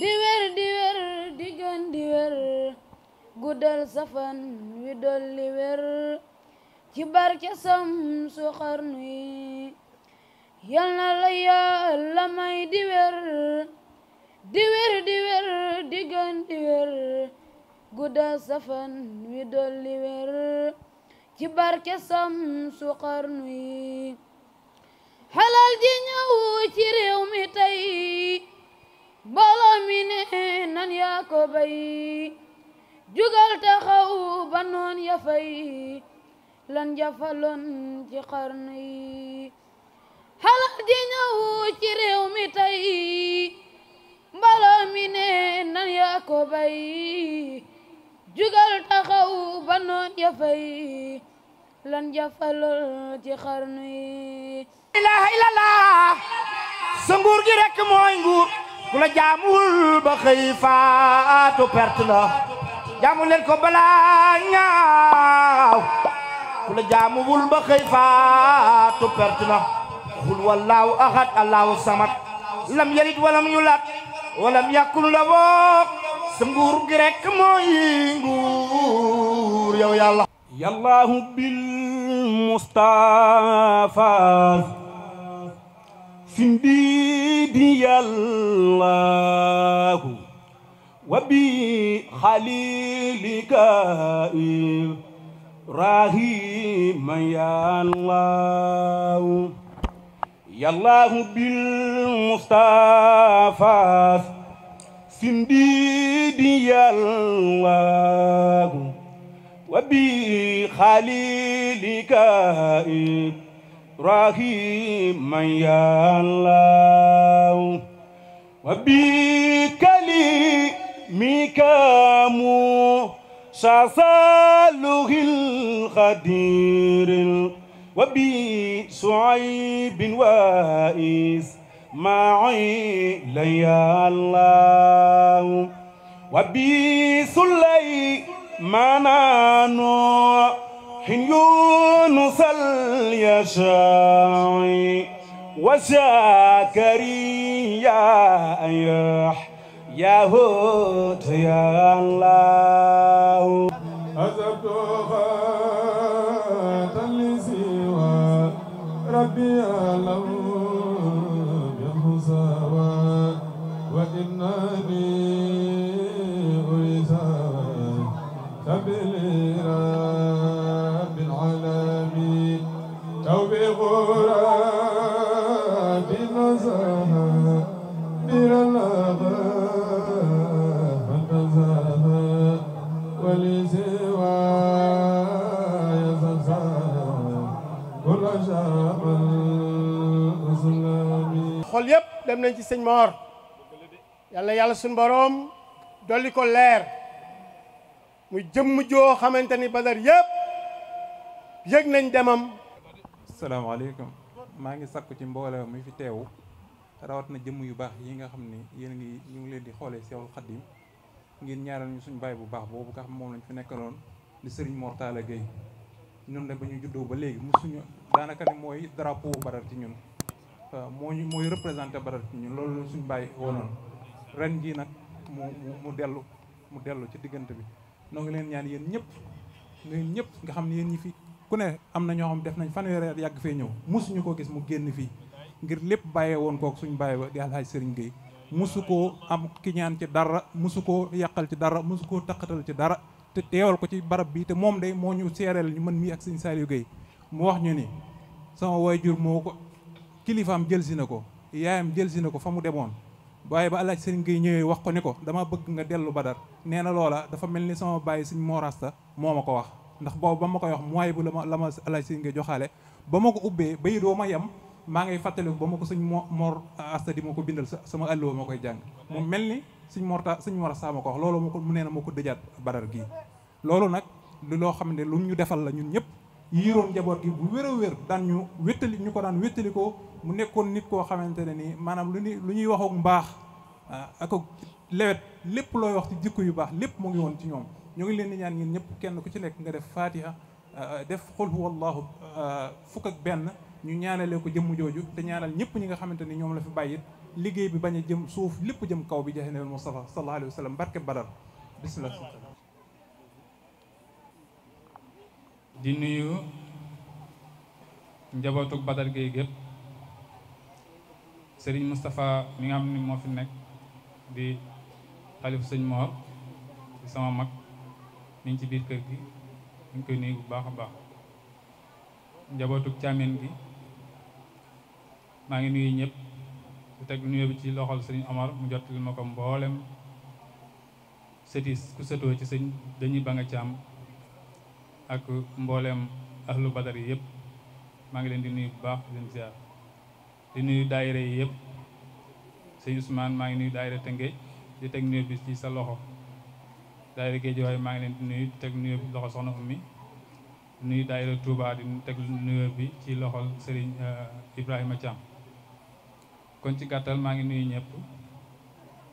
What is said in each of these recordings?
di wér di wér di gën di wér guddal safan wi dolli wér ci barke samsu xarnu yi yal na la Yàlla may di wér di wér di wér di gën di safan wi dolli wér ci barke samsu xarnu yi halal ji ñëw ci réew mi tey mbooloo mi ne nan yaa ko bay jugal taxaw ba noon ya fay lan jafaloon ci xarnu yi xalaat di ci réew mi tey mbooloo nan yaa ko jugal taxaw ba noon ya fay lan jafaloon ci xarnu yi ilaha sa nguur gi rekk mooy nguur ku la jaamul ba xëy faatu perte la jaamu leen ko balaa ñaaw ku la jaamuwul ba xëy faatu perte la xul wallaahu ahad allaahu samad lam yalit walam yulat walam yakun la woog sa nguur gi rek mooy nguur yow yàlla yallaahu bil mustafa سنديدي الله وبخليلك إبراهيم يا الله يا الله بالمصطفى سنديدي يا الله وبخليلك إبراهيم rahiman ya allah wa bi kalimika mu sasaluhil khadiril wa bi suaibin wa is معي ليا الله وبي سليمان نور يونس اليشاعي وزكريا يحيى يا الله أذهبت خاتم لسوى ربي xool yëpp dem nañ ci sëñ Mor yàlla yàlla suñ boroom dolli ko leer mu jëmm joo xamante ni badar yëpp yëg nañ demam asalaamaaleykum maa ngi sakku ci mbooloo mi fi teewu rawat na jëmm yu baax yi nga xam ni yéen ngi ñu ngi leen di xoolee sew Xaddim ngir ñaaral ñu suñu baay bu baax boobu nga xam moom lañ fi nekkaloon di Serigne Mor Talla Gueye ñun de ba ñu juddoo ba léegi suñu daanaka ni mooy drapeau Badar ci ñun euh, moo ñu mooy représenté Badar ci ñun loolu suñu bàyyi woonoon ren jii nag mu mu dellu mu dellu ci diggante bi noo ngi leen ñaan yéen ñëpp yéen ñëpp nga xam ne yéen ñi fi ku ne am na ñoo xam def nañ fanweeri at yàgg fee ñëw mosuñu ko gis mu génn fii ngir lépp bàyyee woon kook suñu bàyyi ba di alhaaj Serigne Gueye mosu koo am ki ñaan ci dara mosu koo yàqal ci dara mosu koo taqatal ci dara te teewal ko ci barab bii te moom day moo ñu seereel ñu mën mii ak Serigne Saliou Gueye mu wax ñu ni sama waajur moo ko kilifaam jël si na ko yaayam jël si na ko fa mu demoon waaye ba alaaj sëriñ Gueye ñëwee wax ko ni ko dama bëgg nga dellu Badar nee na loola dafa mel ni sama bàyyi suñ moorasta moo ma ko wax ndax boobu ba ma koy wax mooy bu la ma la ma alaaj sëriñ nga joxaale ba ma ko ubbee bay doo ma yem maa ngay fàttaliku ba ma ko suñ mo mor asta di ma ko bindal sama àlluwa ma koy jàng mu mel ni suñ morta suñ morasta ma ko wax loolu ma ko mu nee na ma ko dëjaat Badar gii loolu nag loo xam ne lu ñu defal la ñun ñëpp yiroon njaboot gi bu wér wér daan ñu wéttali ñu ko daan wéttali ko mu nekkoon nit koo xamante ne nii maanaam lu ñuy lu ñuy wax ak mbaax ah, ak ak lewet lépp looy wax ci jikko yu baax lépp mu ngi woon ci ñoom ñoo ngi leen di ñaan ñun ñëpp kenn ku ci nekk nga def fatiha ah, def xul huwallahu ah, fukk ak benn ñu ñaanalee ko jëmm jooju te ñaanal ñëpp ñi nga xamante ni ñoom la fi bàyyit liggéey bi bañ a jëm suuf lépp jëm kaw bi jaxe newel Mustafa sallallahu alayhi wa sallam barke Badar bismillah di nuyu njabootug Badar Gueye gépp sëriñ Moustapha mi nga xam ni moo fi nekk di xalifu sëñ Mor di sama mag mi ci biir kër gi ñu ngi koy nuyu bu baax a baax njabootug càmmeen gi maa ngi nuyu ñëpp di teg nuyu bi ci loxol sëriñ Omar mu jottali ma ko mboolem sëtis ku sëtoo ci sëñ dañuy ba nga ci am ak mbooleem ahlu badar yi yëpp maa ngi leen di nuyu bu baax di leen di nuyu daayira yi yëpp sëñ Ousmane maa ngi nuyu daayira Tëngéej di teg nuyu bi ci sa loxo daayira Géejawaay maa ngi leen di nuyu di teg nuyu bi loxo soxna Oumy nuyu daayira bi ci loxol Serigne euh, Ibrahima Thiam kon ci gàttal maa ngi nuyu ñëpp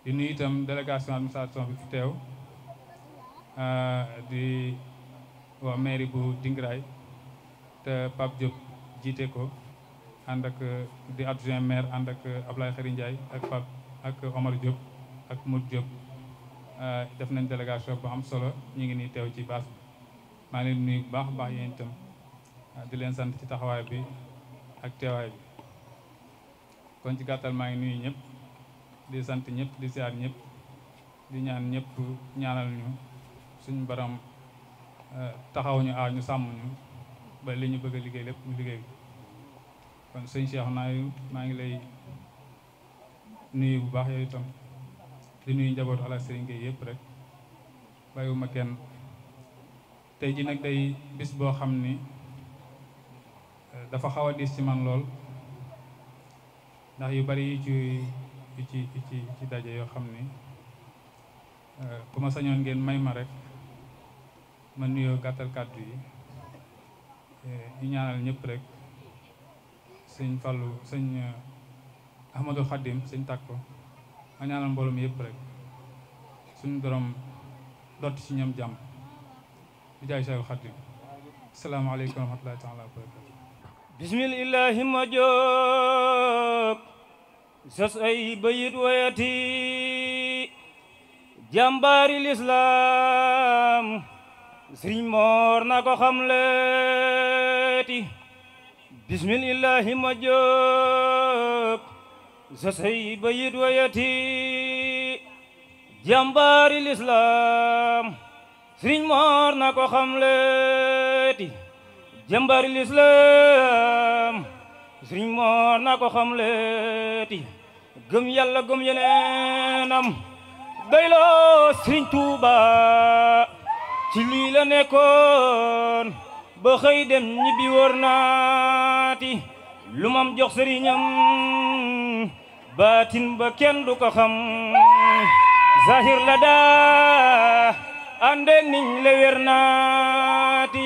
di nuyu itam délégation administration bi fi teew euh, di waa mairie bu Dingray te Pape Diop jiite ko ànd ak di adjoint maire ànd ak Ablaye Xari Ndiaye ak Pape ak Omar Diop ak Mout Diop euh, def nañ delegation bu am solo ñu ngi nii teew ci baas bi maa ngi nuyu bu baax baax yéen euh, di leen sant ci taxawaay bi ak teewaay kon ci gàttal maa ngi nuyu ñëpp di sant ñëpp di siyaar ñëpp di ñaan ñëpp ñaanal ñu suñu baram taxawuñu ñu ah, ñu sàmm ñu ba li ñu bëgg a liggéey lépp ñu liggéey kon sëñ Cheikh naa maa ngi lay nuyu bu baax yooyu tam di nuyu njabootu ala sëriñ Gueye yëpp rek bàyyiwuma kenn tey ji nag day bis boo xam ni dafa xaw a diis ci man lool ndax yu bari yi ci yi ci yi ci daje yoo xam ni ku ma sañoon ngeen may ma rek ma nuyoo gàttal kàddu yi eh, di ñaanal ñëpp rek sëñ Fallou sëñ eh, Ahmadou Khadim sëñ Takko ma ñaanal mbooloo mi rek suñu borom dott ci ñoom jàmm bi jaay Seexul Khadim asalaamaaleykum wa rahmatullahi taala wa barakatu bismillahi ma jóg sos ay bayit wayati jàmbaari lislaam sëriñ moor naa ko xamleeti bismillahi ma jóg sa sey ba yit wayati jàmbaari lislaam sëriñ moor na ko xamleeti jàmbaari lislaam sëriñ moor na ko xamleeti gëm yàlla gëm yeneenam doyloo sëriñ tuuba ci lii la nekkoon ba xëy dem ñibbi wër naati lu mam jox sëriñam baatin ba kenn du xam zahir daa ande niñ le wér naati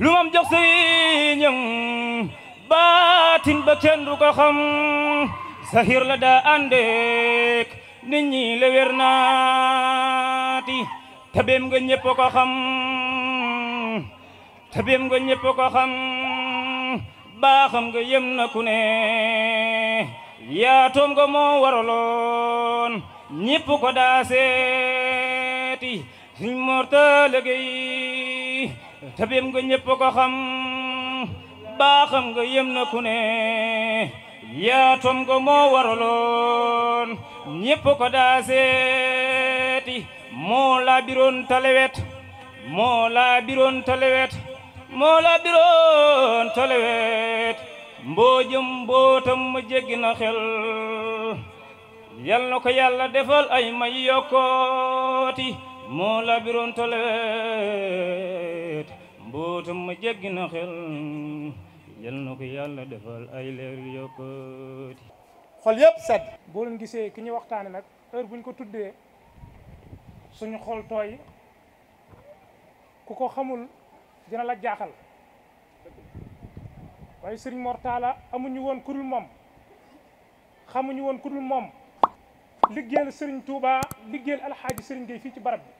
lu mam jox sëriñam baatin ba kenn du xam zahir daa ande nit ñi le wér tabeem nga ñëpp ko xam tabeem nga ñëpp ko xam baaxam nga yem na ku ne yaatoom nga moo waraloon ñëpp ko daa seeti Sëñ Mor Talla Gueye tabeem nga ñëpp ko xam baaxam nga yem na ku ne yaatoom nga moo waraloon ñëpp ko daa seeti moo laabiroon ta lewet moo laabiroon ta lewet moo laabiroon ta lewet mboojëm ma mu jéggi na xel yal na ko yàlla defal ay may yokkooti moo laabiroon ta lewet ma mu jéggi na xel yal na ko yàlla defal ay leer yokkooti xol yëpp sedd boo leen gisee ki ñu waxtaane nag heure buñ ko tuddee suñu xol tooy ku ko xamul dina la jaaxal waaye sëriñ Mortala amuñu woon ku dul moom xamuñu woon ku dul moom liggéeyal sëriñ Touba liggéeyal alxaaji sëriñ Gueye fii ci barab bi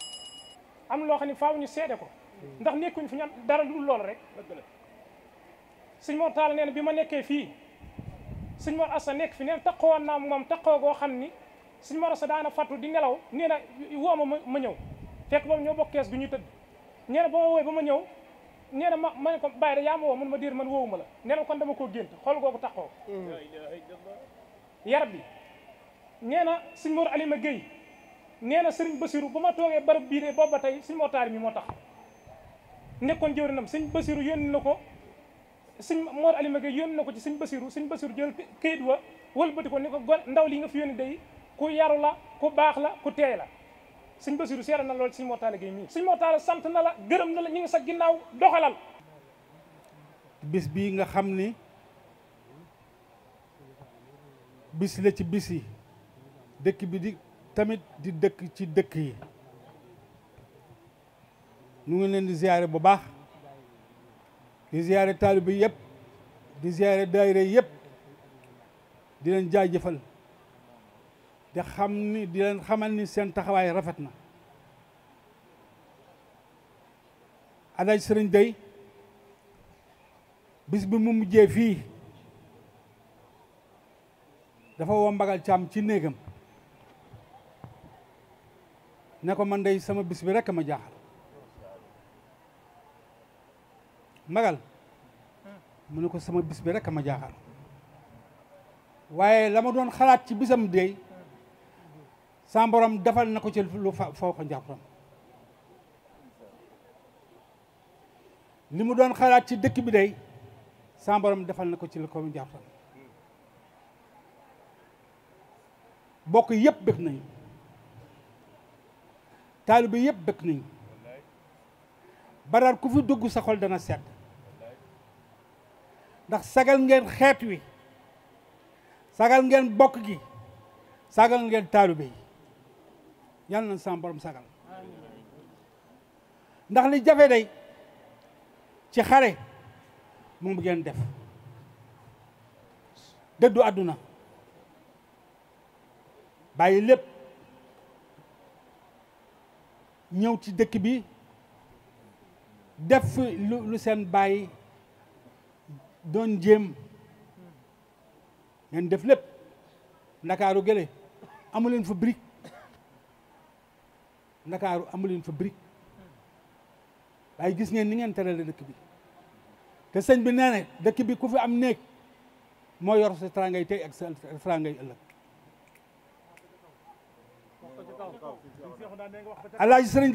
am loo xam ne faaw ñu seede ko ndax nekkuñ fi ñu am dara lu dul loolu rek sëriñ Mortala nee na bi ma nekkee fii sëriñ Mor Assa nekk fi neen taqoo woon naa moom taqoo goo xam ni suñu moro sa daana fàttu di nelaw nee na woo ma ma ñëw fekk boobu ñoo bokk kees gu ñuy tëdd nee na ba ma wooy ba ma ñëw nee ma ma ne ko bàyyi da yaa ma woo mun ma diir man woowuma la nee kon dama koo gént xool googu ko yar bi nee na suñ mor alima Guèye nee na sëriñ basiru ba ma toogee barab bii de booba tey suñ moo taari mi moo tax nekkoon jëwrinam suñ basiru yónni na ko suñ mor alima Guèye yónni na ko ci suñ basiru suñ basiru jël këyit wa wëlbati ko ni ndaw li nga fi yónni day ku yaru la ku baax la ku teey la sëñ Basiru seere na lool sëñ Mortalla Gueye mii sëñ Mortalla sant na la gërëm na la ñu ngi sa ginnaaw doxalal bis bii nga xam ni bis la ci bis yi dëkk bi di tamit di dëkk ci dëkk yi mu ngi leen di ziyaare bu baax di ziyaare taalibe yëpp di ziyaare daayira yëpp di leen jaajëfal te xam ni di leen xamal ni seen taxawaay rafet na alaj sëriñ day bis bi mu mujjee fii dafa woo mbagal càmm ci néegam ne ko man day sama bis bi rekk ma jaaxal mbagal mu ne ko sama bis bi rekk ma jaaxal waaye la ma doon xalaat ci bisam dey sa borom defal na ko ci lu foo ko njàppam li mu doon xalaat ci dëkk bi day sa borom defal na ko ci lu ko njàppam bokk yëpp bëgg nañu taalibe yëpp bëgg nañu badar ku fi dugg sa xol dana sedd ndax sagal ngeen xeet wi sagal ngeen bokk gi sagal ngeen taalibe yi yàlla na sama borom sagal ndax li jafe day ci xare moom ngeen def dëddu àdduna bàyyi lépp ñëw ci dëkk bi def lu lu seen bàyyi doon jéem ngeen def lépp ndakaaru gële amu leen fu brique ndakaaru amuleen fa brique waaye gis ngeen ni ngeen terale dëkk bi te sëñ bi nee dëkk bi ku fi am néeg moo yor sa trangay tey ak sa trangay ëllëg alaaji sëriñ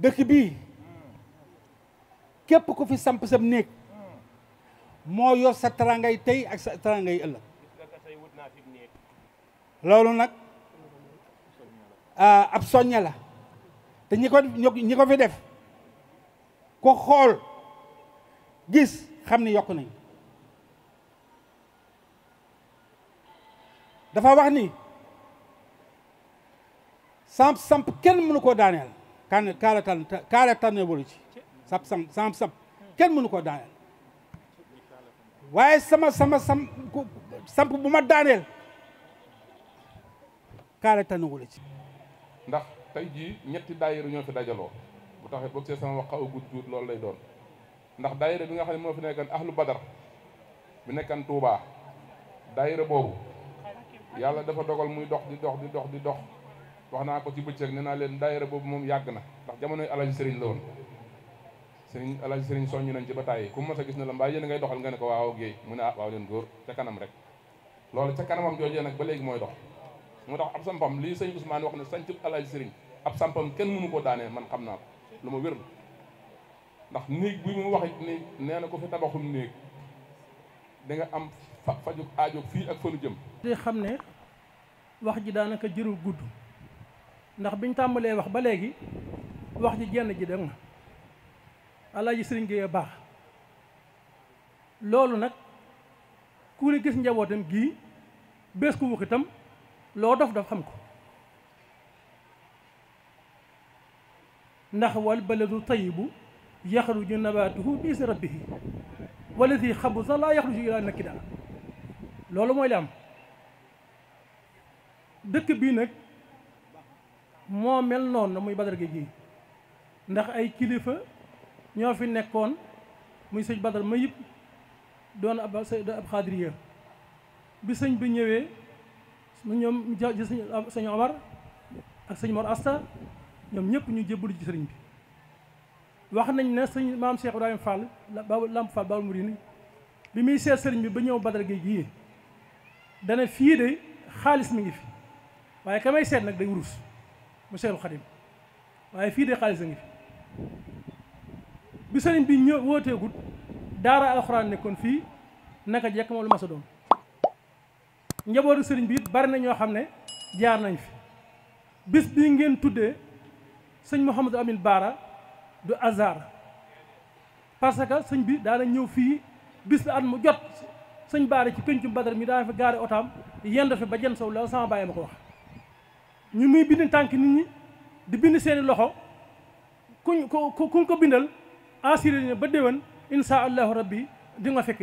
dëkk bii képp fi samp sam néeg moo yor sa trangay tey ëllëg loolu nag ah, ab soññe la te ñi ko ñi ko fi def ko xool gis xam ni yokk nañ dafa wax ni samp samp kenn mënu koo daaneel kan kaala tan tànne walu ci samp samp samp kenn mënu koo daaneel waaye sama sama samp samp bu ma daaneel kaare tànnuwu la ci. ndax tey jii ñetti daayira ñoo fi dajaloo bu taxee boog see sama wax xaw a gudd tuut loolu lay doon ndax daayira bi nga xam ne moo fi nekkan ahlu badar bi nekkan Touba daayira boobu yàlla dafa dogal muy dox di dox di dox di dox wax naa ko ci bëccëg nee naa leen daayira boobu moom yàgg na ndax jamonoy alaji sëriñ la woon sëriñ alaji sëriñ soññu nañ ci ba tàyyi ku mos a gis na la mbaa yéen ngay doxal nga ne ko waaw géey mu ne ah waaw leen góor ca kanam rek loolu ca kanamam joojee nag ba léegi mooy dox moo tax ab sampam lii sëñ Ousmane wax na sancul alaaji sëriñ ab sampam kenn mënu ko daanee man xam naa ko lu ma wér ndax néeg bi mu wax ni nee na ko fi tabaxum néeg da am fa fajuk aajoog fii ak fanu jëm di xam ne wax ji daanaka jërul gudd ndax biñ tàmbalee wax ba léegi wax ji jenn ji dem na alaaji sëriñ Gueye baax loolu nag ku ne gis njabootam gii bés ku wax loo dof dof xam ko ndax wal baladu tayibu yaxruju nabaatuhu bi isni rabbihi waladi xabusa laa yaxruju ilaa daal loolu mooy li am dëkk bii nag moo mel noonu na muy Badar Gueye gi ndax ay kilifa ñoo fi nekkoon muy sëñ Badar Mayib doon ab ab xaadiriya bi sëñ bi ñëwee nu ñoom jël sëñ Omar ak sëñ Mor Asta ñoom ñëpp ñu jébbalu ci sëriñ bi wax nañ ne sëñ maam Cheikh Ibrahima Fall Babou Lamp Fall Babou Mourine bi muy seet sëriñ bi ba ñëw Badar Géej gii dana fii de xaalis mi ngi fi waaye ka seet nag day wurus mu Seexul Xadim waaye fii de xaalis a ngi fi bi sëriñ bi ñëw wooteegut daara alxuraan nekkoon fii naka jekk moom lu ma njabootu sëriñ bi it bari na ñoo xam ne jaar nañ fi bis bii ngeen tuddee sëñ Mouhamadou Amine Baara du hasard parce que sëñ bi daana ñëw fii bis bi at mu jot sëñ Baara ci pencum Badar mi daana fa gaare otaam yend fi ba jën sow la sama bàyyi ma ko wax ñu muy bind tànk nit ñi di bind seeni loxo kuñ ko kuñ ko bindal assuré ne ba déwén insha allahu rabbi di nga fekk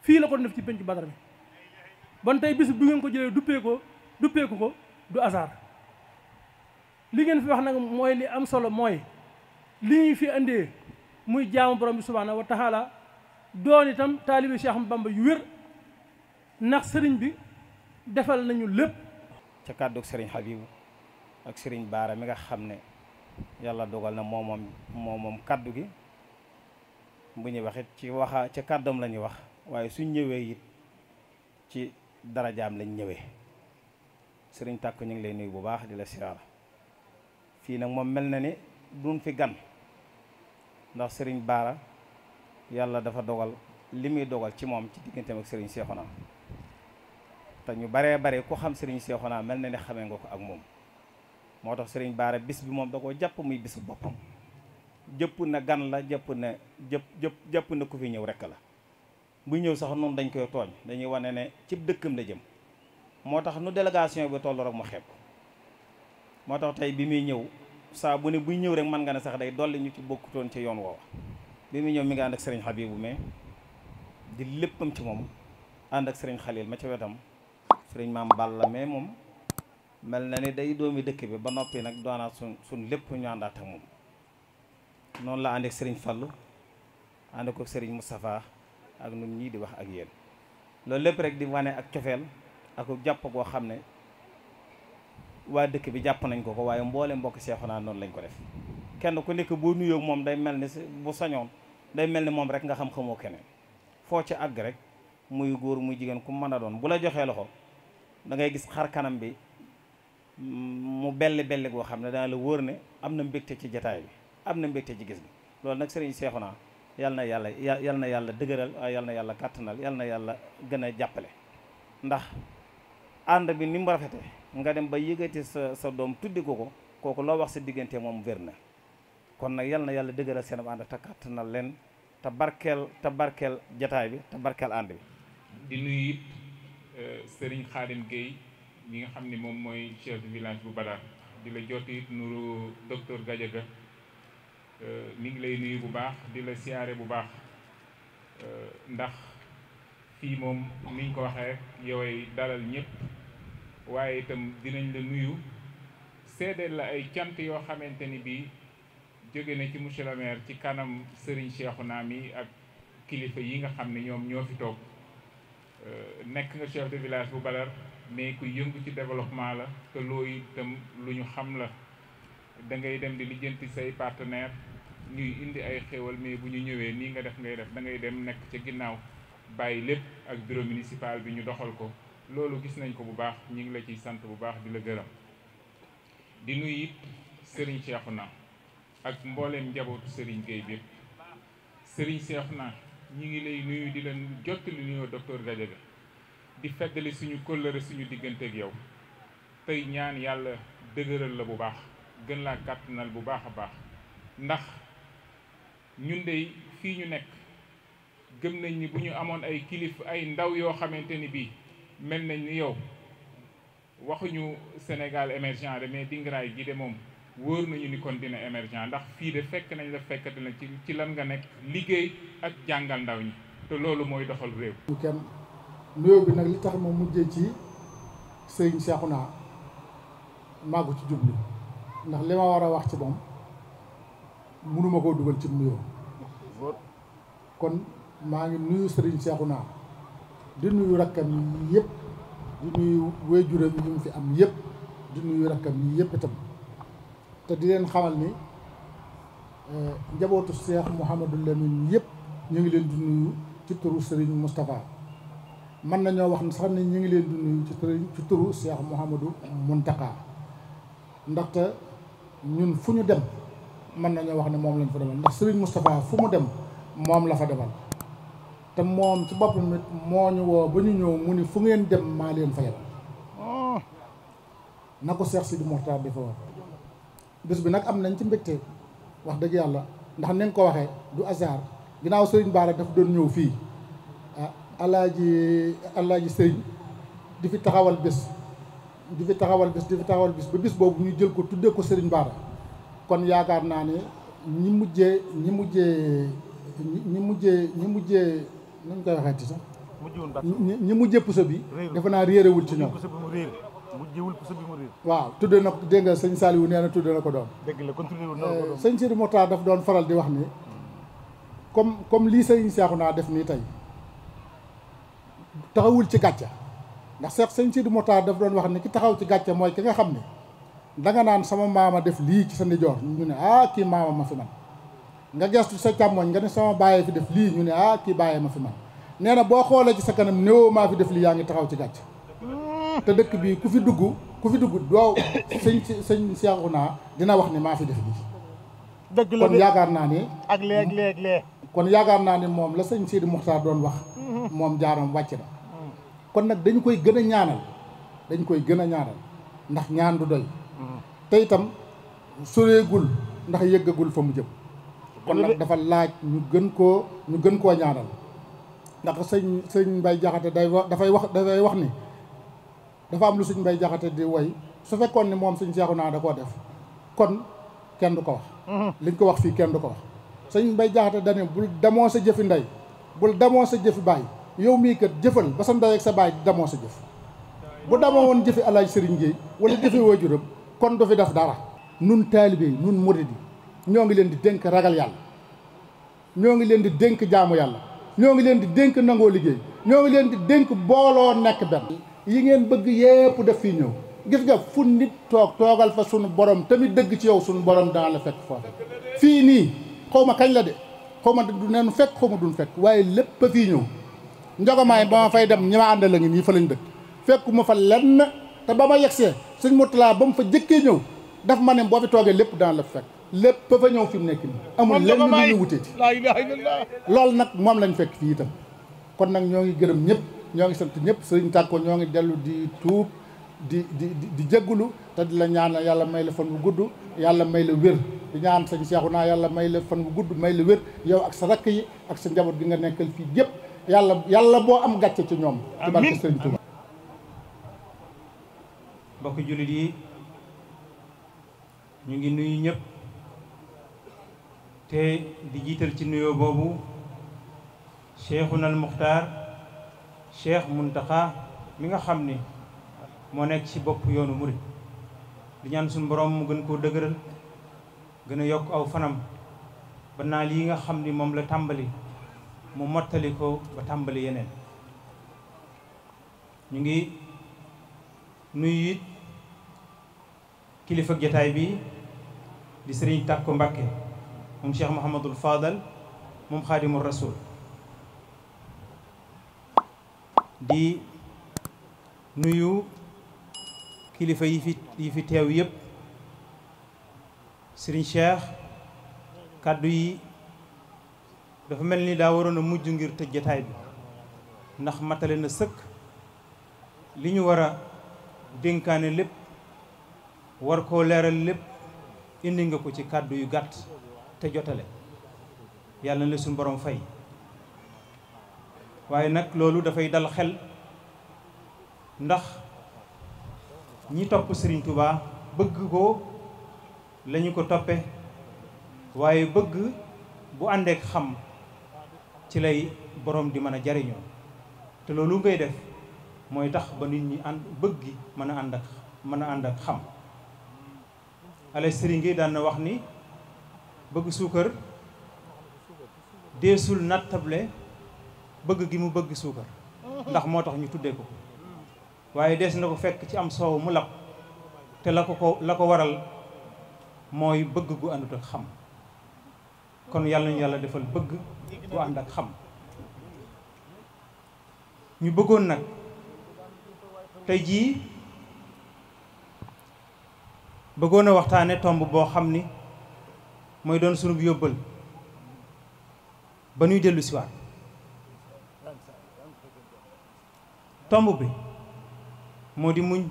fii la ko def ci pencu Badar mi bon tey bis bu ngeen ko jëlee duppee ko duppeeku ko du hasard li ngeen fi wax nag mooy li am solo mooy li ñuy fi indee muy jaamu borom bi subhaanahu wa taala doon itam taalibi Cheikh Bamba yu wér ndax sëriñ bi defal nañu lépp ca kàddug sëriñ Habibu ak sëriñ Baara mi nga xam ne yàlla dogal na moomoom moomoom kàddu gi bu ñuy wax ci waxa ca kàddam lañuy wax waaye su ñëwee it ci darajaam lañ ñëwee sëriñ tàkku ñu ngi lay nuyu bu baax di la siyaara fii nag moom mel na ni duñ fi gan ndax sëriñ baara yàlla dafa dogal li muy dogal ci moom ci digganteem ak sëriñ Seexuna te ñu baree bare ku xam sëriñ Seexuna mel na ni xamee nga ko ak moom moo tax sëriñ baara bis bi moom da koo jàpp muy bisu boppam jëpp na gan la jëpp na jëpp jëpp jëpp na ku fi ñëw rekk la buy ñëw sax noonu dañ koy tooñ dañuy wane ne cib dëkkam la jëm moo tax nu délégation bi toll rek mu xeeb moo tax tey bi muy ñëw saa bu ne buy ñëw rek mën nga ne sax day dolli ñu ci bokkutoon ci yoon woowa bi muy ñëw mi nga ànd ak sëriñ Habibou mais di léppam ci moom ànd ak sëriñ Khalil ma ci wetam sëriñ maam Balla mais moom mel na ni day doomi dëkk bi ba noppi nag doonaat suñ suñ lépp ñu àndaat ak moom noonu la ànd ak sëriñ Fallou ànd ko sëriñ Moustapha ak nun ñii di wax ak yéen loolu lépp rek di wane ak cofeel ak jàpp koo xam ne waa dëkk bi jàpp nañ ko ko waaye mboole mbokk naa noonu lañ ko def kenn ku nekk boo nuyoo moom day mel ni bu sañoon day mel ni moom rek nga xam xamoo keneen foo ci àgg rek muy góor muy jigéen ku mën a doon bu la joxee loxo da ngay gis xar kanam bi mu belli belli goo xam ne dana la wóor ne am na mbégte ci jataay bi am na mbégte ci gis bi loolu nag sëriñ Seexuna yal na yàlla yal na yàlla dëgëral waaye yal na yàlla kàttanal yal na yàlla gën a jàppale ndax ànd bi ni mu rafete nga dem ba yëgati sa sa doom tuddi ko ko kooku loo wax sa diggante moom wér na kon nag yal na yàlla dëgëral seen ànd te kàttanal leen te barkeel te barkeel jataay bi te barkeel ànd bi di nuyu euh, sëriñ Xaadim Guèye mi nga xam ni moom mooy chef de village bu Badar di la jot it nuru docteur Gadiaga mi euh, ngi lay nuyu bu baax di la siyaare bu baax euh, ndax fii moom niñ ko waxee rek dalal ñëpp waaye itam dinañ la nuyu seedeel la ay cant yoo xamante ni bii jóge na ci monsieur le ci kanam Serigne naa mi ak kilifa yi nga xam ne ñoom ñoo fi toog euh, nekk nga chef de village bu Badar mais ku yëngu ci développement la te looy itam lu ñu xam la da ngay dem di lijjanti say partenaire ñuy indi ay xéewal mais bu ñu ñëwee nii nga def ngay def da ngay dem nekk ca ginnaaw bàyyi lépp ak bureau municipal bi ñu doxal ko loolu gis nañ ko bu baax ñu ngi la ciy sant bu baax di la gërëm di nuyu it Serigne Cheikhouna ak mbooleem njabootu Serigne Gueye bi Serigne Cheikhouna ñi ngi lay nuyu di leen jottali nuyoo docteur Gadiaga di feddali suñu kóllëre suñu digganteeg yow tey ñaan yàlla dëgëral la bu baax gën laa kàttanal bu baax a baax ndax ñun de fii ñu nekk gëm nañ ni bu ñu amoon ay kilif ay ndaw yoo xamante ni bii mel nañ ni yow waxuñu Sénégal émergent de mais dingaraay gi de moom wóor nañu ni kon dina émergent ndax fii de fekk nañ la fekkati la ci ci lan nga nekk liggéey ak jàngal ndaw ñi te loolu mooy doxal réew. kenn nuyoo bi nag li tax ma mujjee ci sëñ Cheikhouna naa ko ci jublu ndax li ma war a wax ci moom. mënuma koo dugal ci nuyoo kon maa ngi nuyu seexu naa di nuyu rakkam yi yëpp di nuyu wéjuram yi mu fi am yëpp di nuyu rakkam yi yëpp tam te di leen xamal ni eh, njabootu Cheikh Mouhamadou Lamine yëpp ñu ngi leen di nuyu ci turu Serigne Moustapha mën nañoo wax sax na ñu ngi leen di nuyu ci turu seex turu Cheikh Mouhamadou Mountakha ndaxte ñun fu ñu dem. mën nañoo wax ne moom lañ fa demal ndax Serigne Moustapha fu mu dem moom la fa demal te moom ci boppam nit moo ñu woo ba ñu ñëw mu ni fu ngeen dem maa leen fa na ko Seex Sidi Moxtaar di fa wax bi nag am nañ ci mbégte wax dëgg yàlla ndax ni ko waxee du hasard ginnaaw sëriñ Bara daf doon ñëw fii ah alaaji ji Serigne di fi taxawal bés di fi taxawal bés di fi taxawal bis ba bis boobu ñu jël ko tuddee ko sëriñ Bara kon yaakaar naa ni ñi mujjee ñi mujjee ñi mujjee ñi mujjee nuñ koy waxeeti sax ñi mujjee puso bi defe naa réerewul ci ñoom mujjewul puso bi waaw tudde na dégg nga sëñ Saliou nee na tudde na ko doom dëgg la kon tudde na ko doom eh, sëñ Sidi Mokhtar daf doon faral di wax ni comme comme lii sëñ Seexu naa def nii tey taxawul ci gàcce ndax seex sëñ Sidi Mokhtar daf doon wax ni ki taxaw ci gàcce mooy ki nga xam ne danga naan sama maama def lii ci sa ndijoor ñu ne ah kii maama ma fi man nga gestu sa càmmoñ nga ne sama bàyyee fi def lii ñu ne ah kii bàyyee ma fi man nee na boo xoolee ci sa kanam néew maa fi def lii yaa ngi taxaw ci gàcc te dëkk bi ku fi dugg ku fi dugg doo sëñ sëñ seexu naa dina wax ni maa fi def lii dëgg kon yaakaar naa ni ak léeg léeg léeg kon yaakaar naa ni moom la sëñ Sidi Muxtaar doon wax moom jaaram wàcc na kon nag dañu koy gën a ñaanal dañ koy gën a ñaanal ndax ñaan du doy te itam soreegul ndax yëggagul fa mu jëm kon nag dafa laaj ñu gën koo ñu gën koo ñaanal ndax sëñ sëñ Mbay Jaxate day wax dafay wax dafay wax ni dafa am lu sëñ Mbay Jaxate di woy su fekkoon ni moom sëñ Seexuna da koo def kon kenn du ko wax mhm. liñ ko wax fii kenn du ko wax sëñ Mbay Jaxate dane bul damoo sa jëfi ndey bul damoo sa jëfi baay yow mii kat jëfal ba sa ndey ak sa baay damoo sa jëf bu damoo woon jëfi alaaj sëriñ Géey wala jëfi waajuram kon du fi def dara nun taalibe yi nun murid yi ñoo ngi leen di dénk ragal yàlla ñoo ngi leen di dénk jaamu yàlla ñoo ngi leen di dénk nangoo liggéey ñoo ngi leen di dénk booloo nekk benn yi ngeen bëgg yépp def fii ñëw gis nga fu nit toog toogal fa sun borom tamit dëgg ci yow sunu borom daa la fek foofu fii nii xaw ma kañ la de xaw ma du neen fekk xaw ma duñ fekk waaye lépp a fii ñëw njogomaay ba ma fay dem ñi ma àndal la ngi nii fa lañ dëkk fekku ma fa lenn te ba ma yegsee sëñ Mourtala ba mu fa jëkkee ñëw daf ma ne boo fi toogee lépp daan la fekk lépp fa ñëw fi mu nekk nii. amul lenn lu ñu wutee loolu nag moom lañ fekk fii itam kon nag ñoo ngi gërëm ñëpp ñoo ngi sant ñëpp sëriñ tàkko ñoo ngi dellu di tuub di di di jéggulu te di la ñaanal yàlla may la fan bu gudd yàlla may la wér di ñaan sëñ seexu naa yàlla may la fan bu gudd may la wér yow ak sa rakk yi ak sa njaboot bi nga nekkal fii yëpp yàlla yàlla boo am gàccee ci ñoom ci barke sëriñ Tuuba mbokki jullit yi ñu ngi nuyu ñëpp te di jiital ci nuyoo boobu cheikhuna al muxtaar cheikh muntaxa mi nga xam ni moo nekk ci bopp yoonu murit di ñaan suñu borom mu gën koo dëgëral gën a yokk aw fanam ba naal yi nga xam ni moom la tàmbali mu mottali ko ba tàmbali yeneen ñu ngi nuyu it kilifa jotaay bi di sëriñ Tàkko Mbàkke moom Cheikh Mouhamadul Fadal moom xaadimul rasul di nuyu kilifa yi fi yi fi teew yépp sëriñ Cheikh kàddu yi dafa mel ni daa waroon a mujj ngir tëj jataay bi ndax matale na sëkk li ñu war a dénkaane lépp war koo leeral lépp indi nga ko ci kàddu yu gàtt te jotale yàlla na la suñu borom fay waaye nag loolu dafay dal xel ndax ñi topp Serigne Touba bëgg ko lañu ko toppe waaye bëgg bu àndeek xam ci lay borom di mën a jariñoo te loolu ngay def mooy tax ba nit ñi ànd bëgg gi mën a ànd mën a ànd ak xam alay sëriñ gi daan na wax ni bëgg suukar deesul nattable bëgg gi mu bëgg suukar ndax moo tax ñu tuddee ko waaye des na ko fekk ci am soow mu lab te la ko ko la ko waral mooy bëgg gu àndut ak xam kon yàlla ñu yàlla defal bëgg gu ànd ak xam ñu bëggoon nag tey jii bëggoon waxtaane tomb boo xam ni mooy doon sunub yóbbal ba ñuy dellu siwaat tomb bi moo di muñ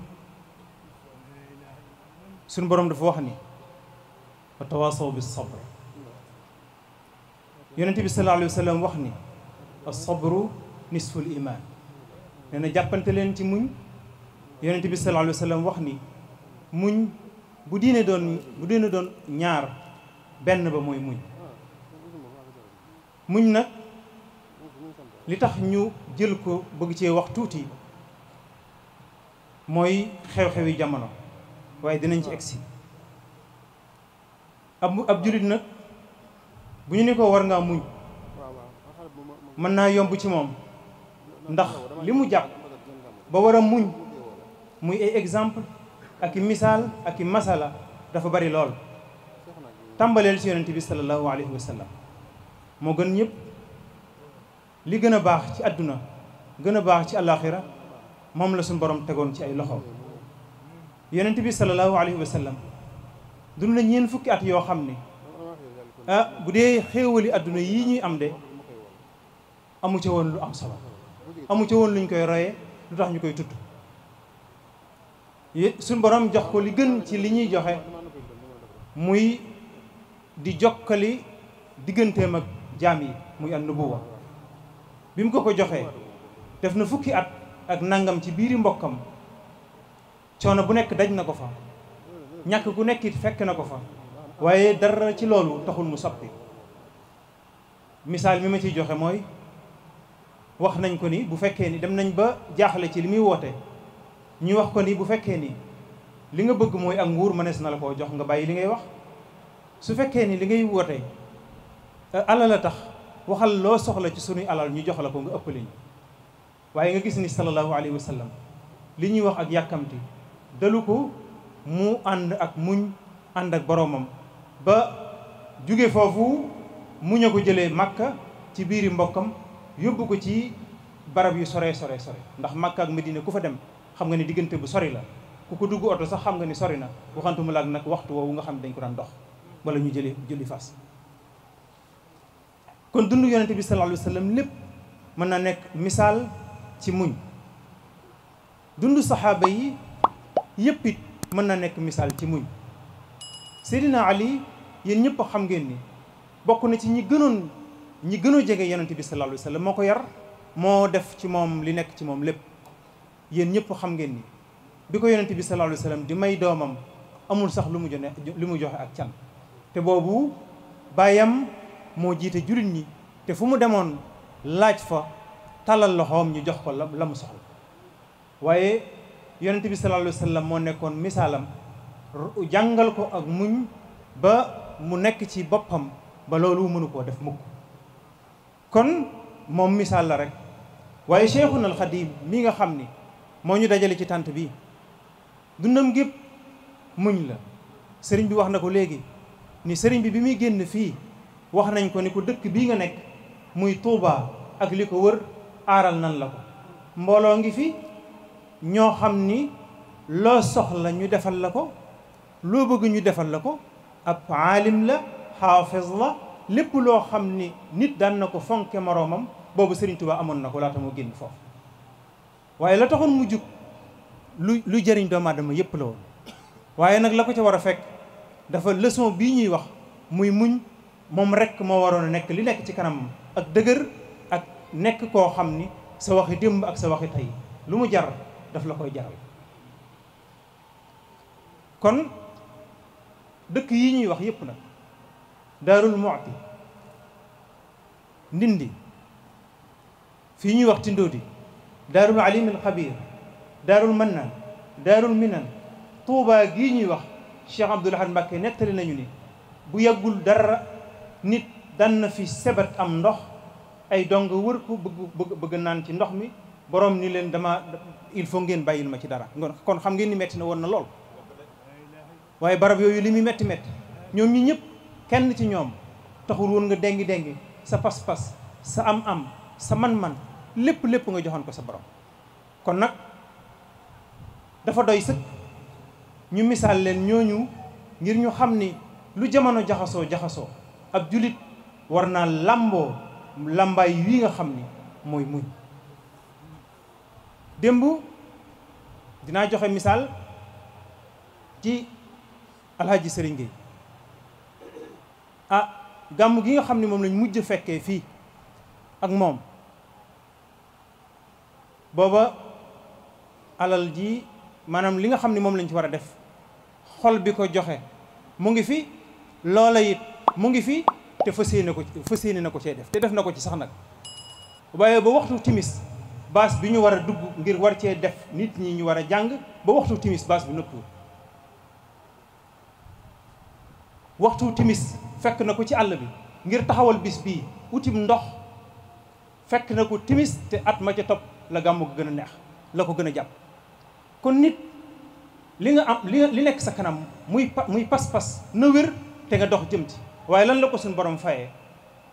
suñu boroom dafa wax ni wa tawaasaw bi sabr yonente bi sallallahu wax ni as-sabru nisful iman nee na jàppante leen ci muñ yonente bi sallallahu alayhi wax ni muñ bu diine doon bu doon ñaar benn ba mooy muñ muñ nag li tax ñu jël ko bëgg cee wax tuuti mooy xew-xewi jamono waaye dinañ ci egsi ab ab jullit nag bu ñu ne ko war ngaa muñ mën naa yomb ci moom ndax li mu jàpp ba war a muñ muy ay exemple ak i misaal ak i masala dafa bari lool tàmbaleel ci yonente bi sallallahu alayhi wa moo gën ñëpp li gën a baax ci àdduna gën a baax ci àllaaxira moom la su borom tegoon ci ay loxo yonente bi sallallahu alayhi wa sallam dund na ñeen fukki at yoo xam ni ah bu dee xéewali àdduna yi ñuy am de amu ca woon lu am solo amu ca woon luñ koy roye lu tax ñu koy tudd suñ borom jox ko li gën ci li ñuy joxe muy di jokkali digganteem ak jaam yi muy an nubuwa bi mu ko ko joxee def na fukki at ak nangam ci biiri mbokkam coono bu nekk daj na ko fa ñàkk ku nekk fekk na ko fa waaye dara ci loolu taxul mu soppi misaal mi ma ciy joxe mooy wax nañ ko ni bu fekkee ni dem nañ ba jaaxle ci li muy woote ñuy wax ko ni bu fekkee ni li nga bëgg mooy ak nguur mënees na la koo jox nga bàyyi li ngay wax su fekkee ni li ngay woote euh, alal la tax waxal loo soxla ci sunuy alal ñu jox la ko nga ëppale ñu waaye nga gis ni sallallahu alayhi wa sallam li ñuy wax ak yàkkamti dalu ko mu ànd ak muñ ànd ak boroomam ba jóge foofu muñ a ko jëlee màkka ci biiri mbokkam yóbbu ko ci barab yu sore sore sore ndax màkka ak medina ku fa dem xam nga ni diggante bu sori la ku ko dugg oto sax xam nga ni sori na waxantuma laa nag waxtu woowu nga xam ne dañ ko daan dox wala ñu jëlee julli fas kon dund yonente bi sallallahu alayhi wa sallam mën na nekk misaal ci muñ dund saxaaba yi yëpp it mën na nekk misaal ci muñ Seydina Ali yéen ñëpp xam ngeen ni bokk na ci ñi gënoon ñi gën a jege yonente bi sallallahu alayhi wa moo ko yar moo def ci moom li nekk ci moom lépp yéen ñëpp xam ngeen ni bi ko yonente bi sallallahu alayhi di may doomam amul sax lu mu joxe lu mu joxe ak can te boobu baayam moo jiite jullit ñi te fu mu demoon laaj fa talal loxoom ñu jox ko la la mu soxla waaye yonente bi sallallahu alayhi moo nekkoon misaalam jàngal ko ak muñ ba mu nekk ci boppam ba loolu mënu koo def mukk kon moom misaal la rek waaye Cheikhul Khadim mi nga xam ni moo ñu dajale ci tànt bi dundam gépp muñ la sëriñ bi wax na ko léegi ni sëriñ bi bi muy génn fii wax nañ ko ni ku dëkk bii nga nekk muy Touba ak li ko wër aaral nan la ko mbooloo ngi fi ñoo xam ni loo soxla ñu defal la ko loo bëgg ñu defal la ko ab aalim la xaafis la lépp loo xam ni nit daan na ko fonke moroomam boobu sëriñ Touba amoon na ko laata moo génn foofu waaye la taxoon mu jug lu lu jëriñ doomu yépp la woon waaye nag la ko ca war a fekk dafa leçon bii ñuy wax muy muñ moom rekk moo waroon a nekk li nekk ci kanamam ak dëgër ak nekk koo xam ni sa waxi démb ak sa waxi tey lu mu jar daf la koy jaral kon dëkk yi ñuy wax yépp nag daarul Muxti ndindi fii ñuy wax di daarul alim al xabir daarul mannaan daarul minan tuubaa gii ñuy wax cheikh abdoul ahad mbàkke nettali nañu ni bu yàggul dara nit dan na fi sebet am ndox ay dong wër ko bëgg bëgg naan ci ndox mi borom ni leen dama il faut ngeen bàyyil ma ci dara kon xam ngeen ni metti na woon na lool waaye barab yooyu li muy metti metti ñoom ñi ñëpp kenn ci ñoom taxul woon nga dengi dengi sa pas-pas sa am am sa man-man lépp lépp nga joxoon ko sa borom kon nag dafa doy sëkk ñu misaal leen ñooñu ngir ñu xam ni lu jamono jaxasoo jaxasoo ab julit war naa làmboo làmbaay yi nga xam ni mooy muñ démb dinaa joxe misaal ci alhaji sëriñ Gueye ah gàmm gi nga xam ni moom lañ mujj fekkee fii ak moom booba alal ji maanaam li nga xam ne moom lañ ci war a def xol bi ko joxe mu ngi fi loola it mu ngi fi te fas yéene ko ci fas yéene na ko cee def te def na ko ci sax nag waaye ba waxtu timis baas bi ñu war a dugg ngir war cee def nit ñi ñu war a jàng ba waxtu timis baas bi nëppul waxtu timis fekk na ko ci àll bi ngir taxawal bis bii utim ndox fekk na ko timis te at ma ca topp la gàmmu ko gën a neex la ko gën a jàpp kon nit li nga am li li nekk sa kanam muy muy pas-pas na wér te nga dox jëm ci waaye lan la ko suñu borom fayee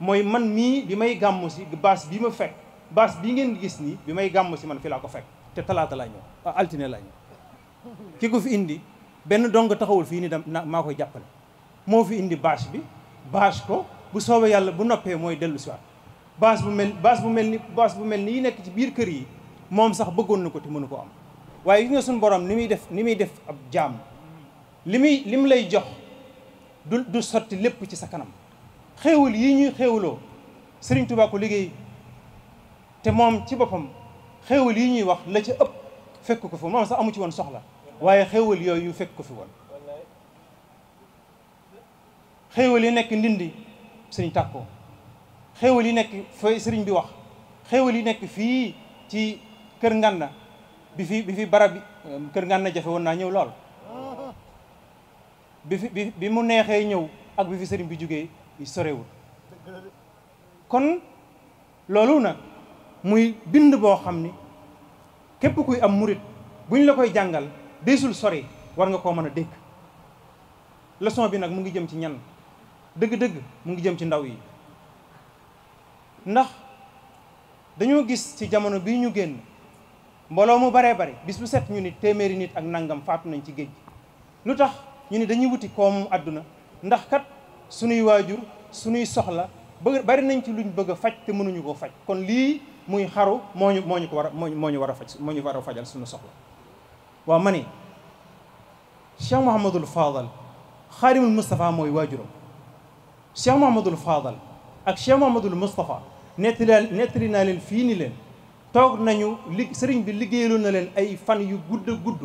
mooy man mii bi may gàmmu si baas bii ma fekk baas bi ngeen gis nii bi may gàmmu si man fi laa ko fekk te talaata laa ñëw ah, altine laa ñëw ki ko fi indi benn dong taxawul fii ni dem maa koy jàppale moo fi indi bâche bi bâche ko bu soobee yàlla bu noppee mooy dellu si waat baas bu mel baas bu mel ni baas bu mel ni yi nekk ci biir kër yi moom sax bëggoon na ko te mënu koo am waaye gis nga suñu borom ni muy def ni muy def ab jaam li muy li mu lay jox du du sotti lépp ci sa kanam xéewal yi ñuy xéewaloo Sëriñ Tuubaa liggéey te moom ci boppam xéewal yi ñuy wax la ca ëpp fekk ko fi moom amu ci woon soxla waaye xéewal yooyu fekk ko fi woon xéewal yi nekk ndindi Sëriñ Tàkkoo xéewal yi nekk fooy sëriñ bi wax xéewal yi nekk fii ci kër Nganda bi fi bi fi barab bi um, kër Nganda jafe woon naa ñëw lool bi fi bi mu neexee ñëw ak bi fi sëriñ bi jógee sorewul kon loolu nag muy bind boo xam ni képp kuy am murit buñ la koy jàngal deesul sori war nga koo mën a dégg leçon bi nag mu ngi jëm ci ñan dëgg-dëgg mu ngi jëm ci ndaw yi ndax dañoo gis ci jamono bi ñu génn mbooloo mu baree bari bis bu set ñu ni téeméeri nit ak nangam faatu nañ ci géej gi lu tax ñu ni dañuy wuti koom àdduna ndax kat suñuy waajur suñuy soxla bari nañ ci luñ bëgg a faj te mënuñu koo faj kon lii muy xaru moo ñu moo ñu ko war a moo ñu war a faj moo ñu war fajal sunu soxla waa ma ni Cheikh Mouhamadul Fadal Xaadimul Moustapha mooy waajuram Cheikh Mouhamadul Fadal ak Cheikh Mouhamadul Moustapha nettali naa leen fii nii leen toog nañu li sëriñ bi liggéeyaloon na leen ay fan yu gudd a gudd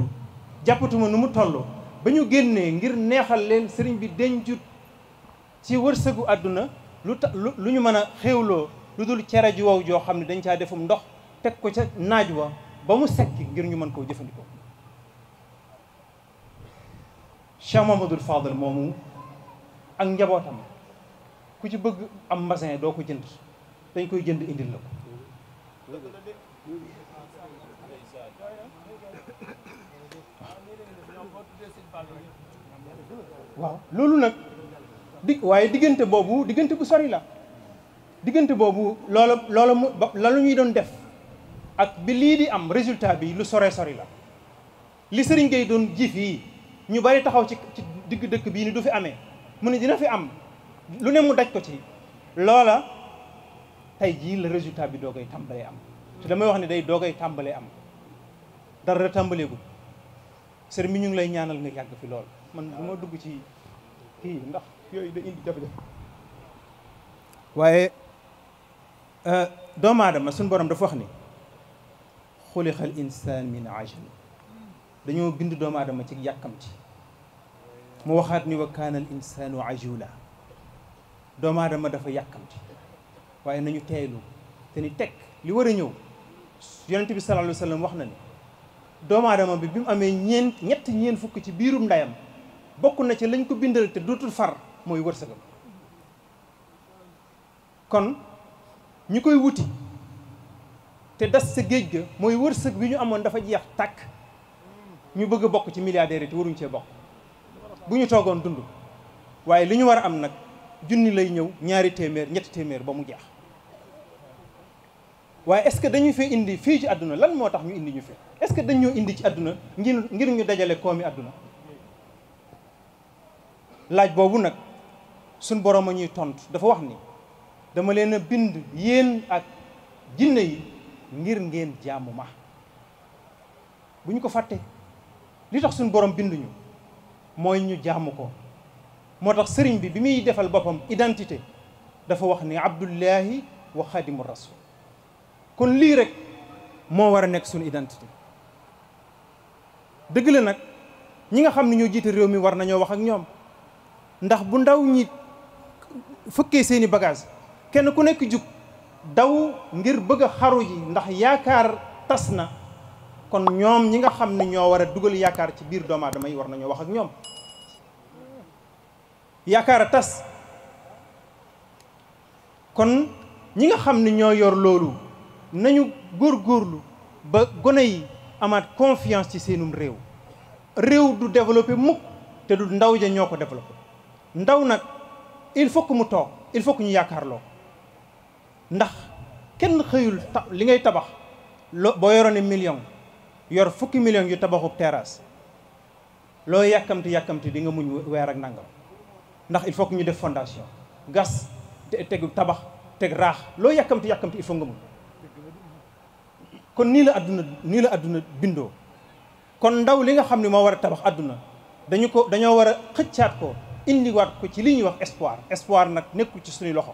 jàppatuma nu mu tolloo ba ñu génnee ngir neexal leen sëriñ bi dencut ci wërsëgu àdduna lu ta lu ñu mën a xéewloo lu dul cere ju wow joo xam ne dañ caa defum ndox teg ko ca naaj wa ba mu sekki ngir ñu mën koo jëfandikoo Cheikh Mamadou Fadal moomu ak njabootam ku ci bëgg am mbasin doo ko jënd dañ koy jënd indil la ko waaw loolu nag di waaye diggante boobu diggante bu sori la diggante boobu loola loola mu la lu ñuy doon def ak bi lii di am résultat bi lu soree sori la li sëriñ Gueye doon ji fii ñu bari taxaw ci ci digg dëkk bii ni du fi amee mu ne dina fi am lu ne mu daj ko ci loola tey jii la résultat bi doo koy tàmbalee am te damay wax ne day doo koy tàmbalee am dara tàmbaleegul sëriñ mi ñu ngi lay ñaanal nga yàgg fi lool man du ma dugg ci kii ndax yooyu da indi jafe-jafe waaye euh, doomu aadama suñu borom dafa wax ni xulixal insaan min ajal dañoo bind doomu aadama ci yàkkamti mu waxaat ni wa kaanal insaanu ajula doomu aadama dafa yàkkamti waaye nañu teeylu te ni teg li war a ñëw yonent bi sallallahu alayhi wax na ni doomu bi bi mu amee ñeent ñett ñeent fukk ci biirum ndeyam bokk na ci lañ ko bindal te dootul far mooy wërsëgam kon ñi koy wuti te das sa géej ga mooy wërsëg wi ñu amoon dafa jeex tàkk ñu bëgg a bokk ci milliardaires yi te waruñ cee bokk bu ñu toogoon dund waaye li ñu war a am nag junni lay ñëw ñaari téeméer ñetti téeméer ba mu jeex waaye est-ce que dañu fee indi fii ci àdduna lan moo tax ñu indi ñu fi est-ce que dañoo indi ci àdduna ngir ngir ñu dajale koomi àdduna laaj boobu nag suñ boroom a ñuy tontu dafa wax ni dama leen a bind yéen ak jinne yi ngir ngeen jaamu ma bu ñu ko fàtte li tax suñ borom binduñu mooy ñu jàmm ko moo tax sëriñ bi bi muy defal boppam identité dafa wax ni abdullahi wa xadimu kon lii rek moo war a nekk suñu identité dëgg la nag ñi nga xam ne ñoo jiite réew mi war nañoo wax ak ñoom ndax bu ndaw ñi fëkkee seeni bagage kenn ku nekk jug daw ngir bëgg a xaru ji ndax yaakaar tas na kon ñoom ñi nga xam ne ñoo war a dugal yaakaar ci biir doomu aadama yi war nañoo wax ak ñoom yaakaar a tas kon ñi nga xam ne ñoo yor loolu nañu góor góorlu ba gone yi amaat confiance ci seenum réew réew du développé mukk te du ndaw ja ñoo ko développé ndaw nag il faut que mu toog il faut que ñu yaakaarloo ndax kenn xëyul ta li ngay tabax loo boo yoroone million yor fukki million yu tabaxub terrasse loo yàkkamti yàkkamti di nga muñ weer ak nangam ndax il faut que ñu def fondation gas tegu tabax teg raax loo yàkkamti yàkkamti il faut nga mun kon nii la àdduna nii la àdduna bindoo kon ndaw li nga xam ne moo war a tabax àdduna dañu ko dañoo war a xëccaat ko indiwaat ko ci li ñuy wax espoir espoir nag nekkul ci suñu loxo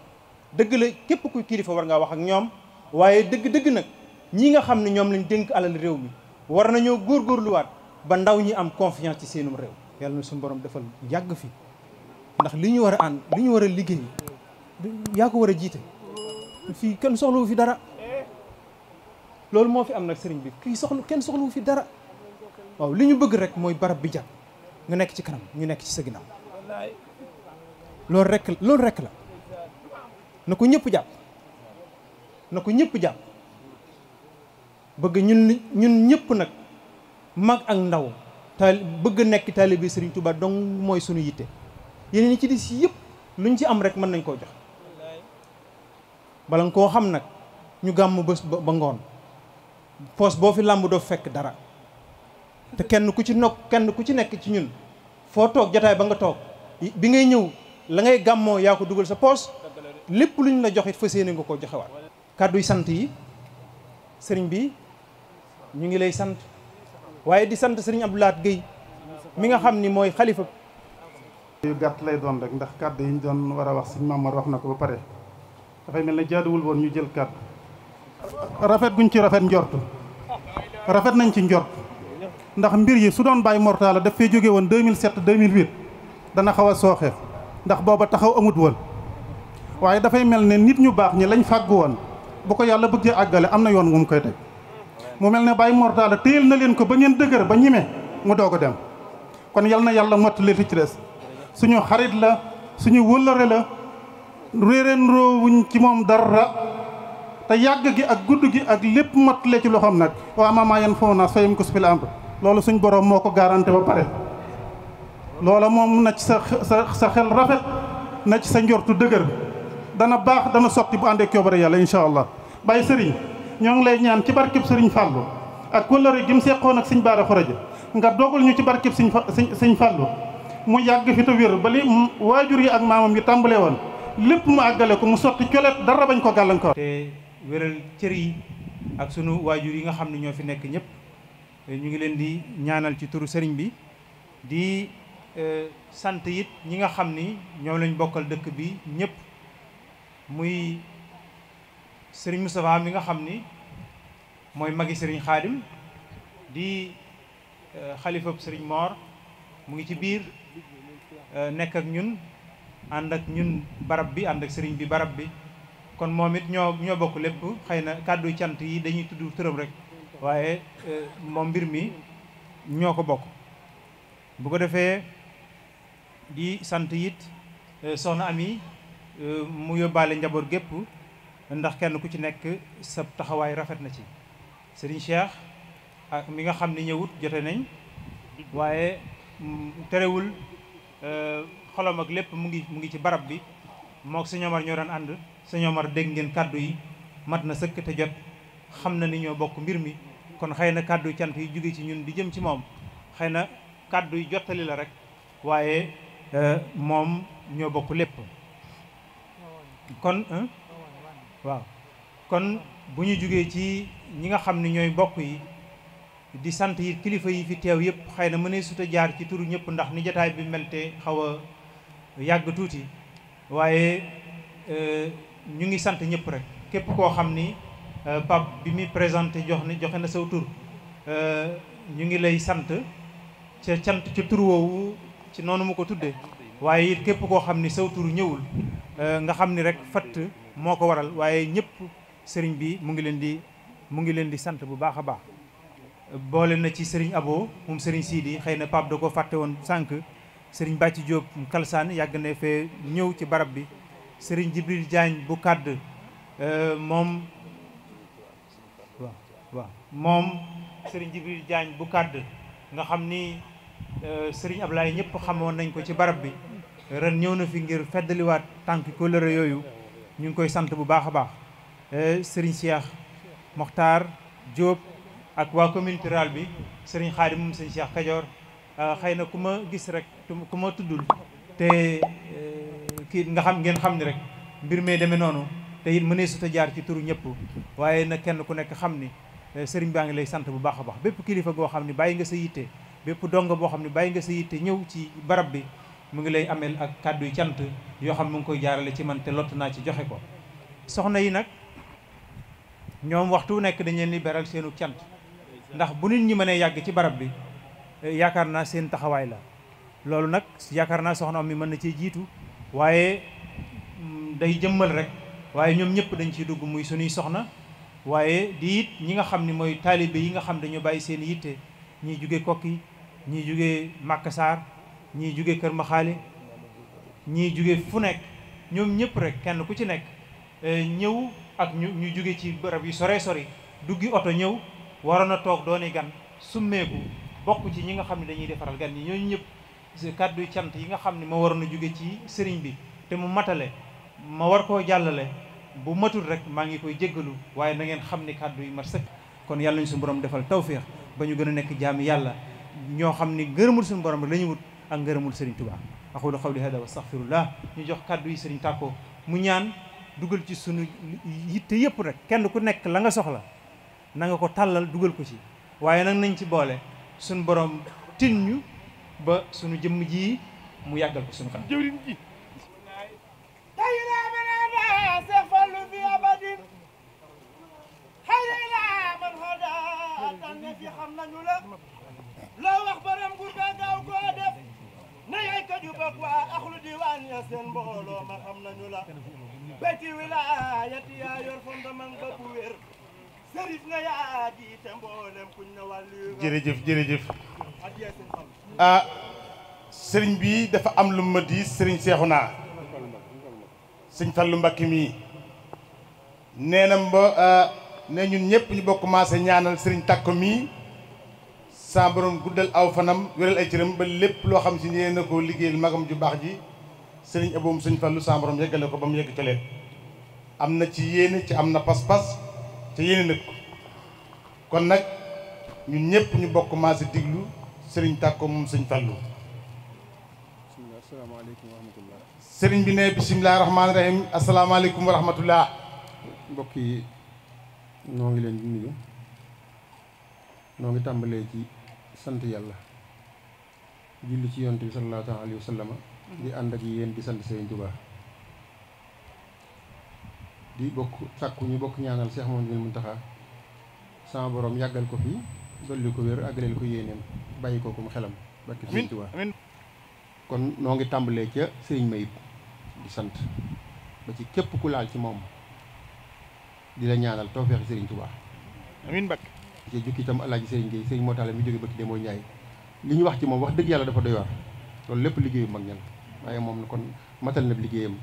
dëgg la képp kuy kilifa war ngaa wax ak ñoom waaye dëgg-dëgg nag ñi nga xam ne ñoom lañ dénk alal réew mi war nañoo góorgóorluwaat ba ndaw ñi am confiance ci seenum réew yàlla na borom defal yàgg fi ndax li ñu war a ànd li ñu war a liggéey yaa ko war a jiite fii kenn soxlawu fi dara loolu moo fi am nag sëriñ bi kii soxla kenn soxlawu fi dara waaw li ñu bëgg rek mooy barab bi jàpp nga nekk ci kanam ñu nekk ci sa ginnaaw loolu rek loolu rek la na ko ñëpp jàpp na ko ñëpp jàpp bëgg ñun ñun ñëpp nag mag ak ndaw taal bëgg nekk taalibe Sëriñ Tuubaa dong mooy sunu yitte yeneen yi ci dis yëpp luñ ci am rek mën nañ koo jox bala nga koo xam nag ñu gàmm bés ba ngoon poos boo fi làmb doo fekk dara te kenn ku ci nokk kenn ku ci nekk ci ñun foo toog jataay ba nga toog bi ngay ñëw la ngay gàmmoo yaa ko dugal sa poos lépp luñ la jox it fas nga koo joxewaat kàdduy sant yi sëriñ bi ñu ngi lay sant waaye di sant sëriñ Abdou Lahad Guèye mi nga xam ni mooy xalifa yu gàtt lay doon rek ndax kàddu yi ñu war a wax suñu Mamar wax na ko ba pare dafay mel ne jaaduwul woon ñu jël kàddu rafet guñ ci rafet njort rafet nañ ci njort ndax mbir yi su doon bàyyi mortala daf fa jóge woon 2007 2008 dana xaw a sooxe ndax booba taxaw amut woon waaye dafay mel ne nit ñu baax ñi lañ fàgg woon bu ko yàlla bëggee àggale am na yoon wu koy teg mu mel ne bàyyi mortala téyel na leen ko ba ngeen dëgër ba ñime mu doo ko dem kon yal na yàlla mottali li ci des suñu xarit la suñu wëllëre la réeréen roowuñ ci moom dara te yàgg gi ak gudd gi ak lépp mottale ci loxoom nag waa maamaa yan foofu naa soyam ko su fi la am loolu suñ borom moo ko garanté ba pare loola moom na ci sa sa sa xel rafet na ci sa njortu dëgër dana baax dana sotti bu àndee coobare yàlla incha allah Baye Serigne ñoo ngi lay ñaan ci barkeb Serigne Fallou ak kóllëre gi mu seqoon ak Serigne Bara nga dogal ñu ci barkeb Serigne Serigne Fallou mu yàgg fi te wér waajur yi ak maamam yi tàmbalee woon lépp mu àggale ko mu sotti coleet dara bañ ko gàllankoor. te wéral cër yi ak sunu waajur yi nga xam ne ñoo fi nekk ñëpp ñu ngi leen di ñaanal ci turu sëriñ bi di e, sant it ñi nga xam ni ñoom lañ bokkal dëkk bi ñëpp muy sëriñ Moustapha mi nga xam ni mooy magi sëriñ Xaadim di e, xalifab sëriñ Mor mu ngi ci biir. Euh, nekk ak ñun ànd ak ñun barab bi ànd ak sëriñ bi barab bi kon moom it ñoo ñoo bokk lépp xëy na kàddu cant yi dañuy tuddu tërëm rek waaye euh, moom mbir mi ñoo ko bokk bu ko defee di sant it euh, soxna Ami mu yóbbaale njaboot gépp ndax kenn ku ci nekk sa taxawaay rafet na ci sëriñ Cheikh ak mi nga xam ni ñëwut jote nañ waaye mm, terewul Euh, xolam ak lépp mu ngi mu ngi ci barab bi mook sëñ Omar ñoo daan ànd sëñ Omar dégg ngeen kàddu yi mat na sëkk te jot xam na ni ñoo bokk mbir mi kon xëy na kàdduy cant yi jóge ci ñun di jëm ci moom xëy na kàddu yi jottali la rek waaye euh, moom ñoo bokk lépp kon waaw kon bu ñu jógee ci ñi nga xam ni ñooy bokk yi di sant yi kilifa yi fi teew yëpp xëy na mënee suta jaar ci tur ñëpp ndax ni jataay bi melte xaw a yàgg tuuti waaye euh, ñu ngi sant ñëpp rek képp koo xam ni euh, Pape bi muy présenté jox ni joxe na saw tur euh, ñu ngi lay sant ca cant ca tur woowu ci noonu mu ko tuddee waaye it képp koo xam ni saw tur ñëwul nga xam ni rek fatt moo ko waral waaye ñëpp sëriñ bi mu ngi leen di mu ngi leen di sant bu baax a baax boole na ci Serigne Abo moom Serigne Sidi xëy na Pape da ko fàtte woon sànq Serigne Bàcci Diop Kalsaan yàgg na fee ñëw ci barab bi Serigne Jibril Diagne bu kàdd euh, moom waaw waaw moom Serigne bu kàdd nga xam ni euh, Serigne Ablaye ñëpp xamoon nañ ko ci barab bi ren ñëw na fi ngir feddaliwaat tànk kóllëre yooyu ñu ngi koy sant bu baax a baax euh, Serigne Cheikh Mokhtar Diop. ak waa communauté rurale bi sëriñ Xaadim moom sëriñ Cheikh Kajoor ah, xëy na ku ma gis rek ku ma tuddul te eh, kii nga xam ngeen xam ni rek mbir mee demee noonu te it mënee suta jaar ci turu ñëpp waaye nag kenn ku nekk xam ni eh, sëriñ baa ngi lay sant bu baax a baax bépp kilifa goo xam ne bàyyi nga sa yitte bépp dong boo xam ne bàyyi nga sa yitte ñëw ci barab bi mu ngi lay ameel ak kàddu yu cant yoo xam mu ngi koy jaarale ci man te lott naa ci joxe ko soxna yi nag ñoom waxtu nekk dañ leen di beral seenu cant ndax bu nit ñi mënee yàgg ci barab bi eh, yaakaar naa seen taxawaay la loolu nag yaakaar naa soxna am mi mën na cee jiitu waaye mm, day jëmmal rek waaye ñoom ñëpp dañ ciy dugg muy sunuy soxna waaye di it ñi nga xam ni mooy taalibe yi nga xam dañu bàyyi seen yitte ñii jóge kokki ñii jóge màkkasaar ñii jóge kër maxaali ñii jóge fu nekk ñoom ñëpp rek kenn ku ci nekk eh, ñëw ak ñu ñu jóge ci barab yi sore sori duggi oto ñëw waroon a toog dooni gan summeeku bokk ci ñi nga xam ne dañuy defaral gan ñi ñooñu ñëpp kàddu cant yi nga xam ne ma waroon a jóge ci sëriñ bi te mu matale ma war koo jàllale bu matul rek maa ngi koy jéggalu waaye na ngeen xam ni kàddu yi mat sëkk kon yàlla nañu suñu borom defal tawféex ba ñu gën a nekk jaami yàlla ñoo xam ni ngërëmul suñu borom rek la ñu wut ak ngërëmul sëriñ Tuubaa aqulu qawli hada wa astaghfirullah ñu jox kàddu yi sëriñ tàkkoo mu ñaan dugal ci sunu yitte yëpp rek kenn ku nekk la nga soxla nanga ko tàllal dugal ko ci waaye nag nañ ci boole suñ borom tin ñu ba sunu jëmm ji mu yàggal ko suñu kanam jëwriñ ji loo wax borom gu gaaw koo def na yay ju bokk waa axlu diwaan ya seen mbooloo ma xam nañu la beti wilaayati yaa yor fondement ba bu wér jërëjëf jërëjëf ah sëriñ bi dafa am lu ma di sëriñ seexu Seexuna sëñ Fallu Mbàkke mii nee na mba ah, ne ñun ñëpp ñu bokk maase ñaanal sëriñ Tàkko mii sa guddal aw fanam wéral ay cëram ba lépp loo xam si yéen a ko liggéeyal magam ju baax ji sëriñ aboom sëñ Fallu sa borom yeggale ko ba mu yegg ca am na ci yéene ci am na pas-pas te yéene nag kon nag ñun ñëpp ñu bokk maase diglu sëriñ Tàkko moom sëñ Fallu asalaamaaleykum wa rahmatullah sëriñ bi ne bisimilah rahmaani rahim asalaamaaleykum wa rahmatullah mbokk yi noo ngi leen di nuyu noo ngi tàmbalee ci sant yàlla julli ci yonent bi sallallahu alayhi wa sallam mm-hmm. di ànd ak yéen di sant sëriñ Tuubaa di bokk sàkku ñu bokk ñaanal Cheikh Mouhamadoul Mountakha sama borom yàggal ko fi dolli ko wér àggaleel ko yéeneem bàyyi ko mu xelam barke Sëriñ Tuubaa kon noo ngi tàmbalee ca sëriñ Mayib di sant ba ci képp ku laal ci moom dina di la ñaanal tawfeexi Sëriñ Tuubaa amiin Mbàkke ci jukki itam alaaji sëriñ Gueye sëriñ Motaale bi jóge bëkki demoo Njaay li ñu wax ci moom wax dëgg yàlla dafa doy loolu lépp liggéeyu mag ñal waaye moom kon matal na liggéeyam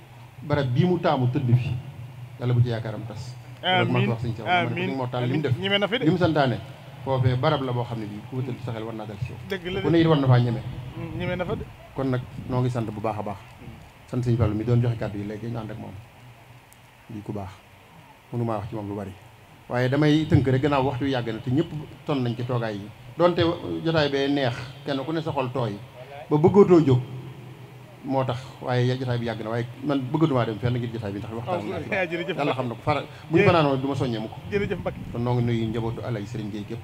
barab bii mu taamu tëdd fi yàlla bu ci yaakaaram tas. amiin amiin moo tax li def li santaane. foofee barab la boo xam ne bii ku wutal sa xel war naa dal si yow. ku ne it mm, kon nag noo ngi sant bu baax a baax. Mm. sant Sëñ Fallu mi doon joxe kàddu yi léegi ñu ànd ak moom di ku baax mënumaa wax ci moom lu bari. waaye damay tënk rek gannaaw waxtu yàgg na te ñëpp ton nañ ci toogaay yi donte jotaay bee neex kenn ku ne sa tooy ba bëggootoo jóg. moo tax waaye jotaay bi yàgg na waaye man bëggatumaa dem fenn ngir jotaay bi ndax waxtaan naa ci yàlla xam na ko fara soññee mu ko jërëjëf Mbacke kon noo ngi nuyu njabootu sëriñ Gueye gépp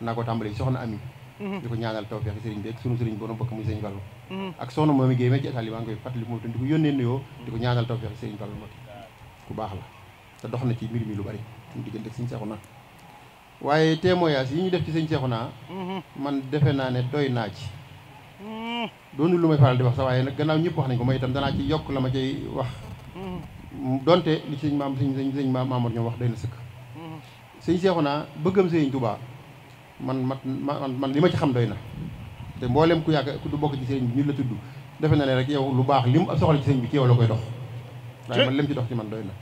naa ko tàmbali soxna Ami mhm. di ko ñaanal tawfeex sëriñ bi ak sunu sëriñ borom bokk muy sëriñ Fallu mhm. ak soxna Momi Gueye ma ci ko yónnee nuyoo di ko ñaanal tawfeex sëriñ Fallu Mbacke ku baax la te dox na ci mbir mi lu bari suñu diggante ak sëriñ Seexuna waaye témoignage yi ñu def ci sëriñ Seexuna mhm. man defe naa ne doy naa ci doonu lu may faral di wax sa waaye nag gannaaw ñëpp wax nañ ko ma itam danaa ci yokk la ma cay wax donte li sëñ maam sëñ sëñ sëñ maam Maamoor ñoom wax day na sëkk sëñ Seexuna bëggam sëñ man li ma ci xam doy na te mboolem ku yàgg ku du bokk ci sëñ bi ñu la tudd defe na ne rek yow lu baax li mu soxla ci sëñ bi ci yow la koy dox waaye man lem ci dox ci man doy na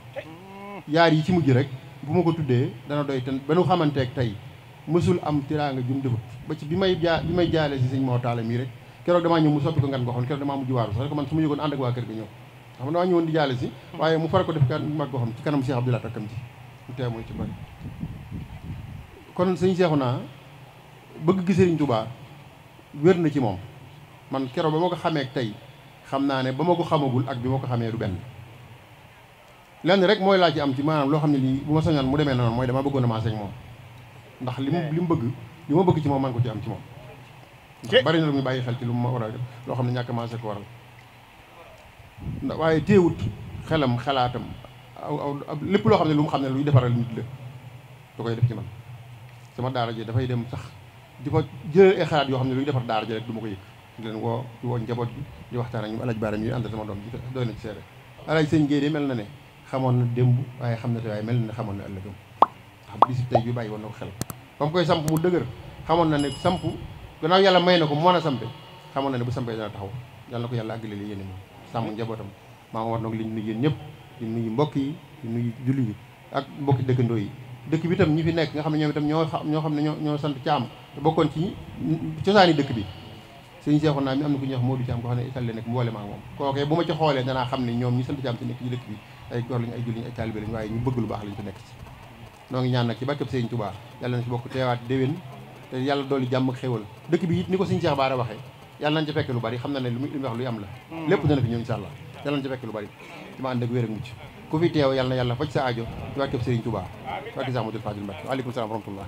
yaar yi ci mujj rek bu ma ko tuddee dana doy te ba nu xamanteeg tey mësul am tiraanga jum defut ba ci bi may jaa bi may jaale si sëñ moo taala mii keroog damaa ñëw mu soppi ko ngan goo xam ne keroog man su ma yëgoon ànd ak waa kër gi ñëw si waaye mu fara ko def kan mag goo xam ci kanam Cheikh Abdoulaye takkam ji mu mooy ci bari kon sëñ Cheikhouna bëgg gi Sëriñ wér na ci moom man keroog ba ma ko xamee tey xam naa ne ba ma ko xamagul ak bi ma ko xamee du benn lenn rek mooy laa ci am ci maanaam loo xam ne lii bu ma sañoon mu demee noonu mooy dama bëggoon a maa ak moom ndax li mu li mu bëgg li ma bëgg ci moom man ko ci am ci moom bari na lu muy bàyyi xel ci lu ma war a loo xam ne ñàkk maase ko waral waaye téewut xelam xalaatam aw aw lépp loo xam ne lu mu xam ne luy defaral nit la koy def ci man sama daara ji dafay dem sax di fa jëlee ay yoo xam ne luy defar daara ji rek ma ko yëg di leen woo woo njaboot bi di waxtaan ak ñu alaj baaram yi ànd sama doom ji doy na ci seere alaj sëñ Guèye mel na ne xamoon na démb waaye xam na te waaye mel na ne xamoon na ëllëgam ndax bisib tey bi bàyyi woon na ko xel ba mu koy samp mu dëgër xamoon na ne samp gannaaw yàlla may na ko mën a sampe xamoon na ne bu sampee dana taxaw yàlla ko yàlla àggale li yéene moom sàmm njabootam maa ngi li ñu nuyu ñëpp di nuyu mbokk yi di nuyu julli yi ak mbokki yi dëkk bi itam ñi fi nekk nga xam ne ñoom itam ñoo ñoo xam ne ñoo ñoo sant caam te bokkoon ci cosaani dëkk bi sëñ seexu naa mi am na ku ñuy wax Modou Caam ko xam ne Italie nekk mboole maa moom kookee bu ma ci xoolee danaa xam ne ñoom ñi sant caam si nekk ci dëkk bi ay gor lañ ay julli ay taalibe lañ waaye ñu bëgg lu baax lañ fi nekk si noo ngi ñaan nag ci barkeb Sëriñ te yàlla dooli jàmm ak xéwal dëkk bi it ni ko suñu Cheikh Bara waxee yàlla nañ ci fekk lu bari xam na ne lu mu wax luy am la mm. lépp dana fi ñëw insha allah yàlla nañ ci fekk lu bari dama ànd ak wér ak mucc ku fi teew yàlla na yàlla faj sa aajo ci wàkkeb Serigne Touba ci wàkkeb Cheikh Ahmadou Fadil Mbacké waaleykum salaam wa rahmatullah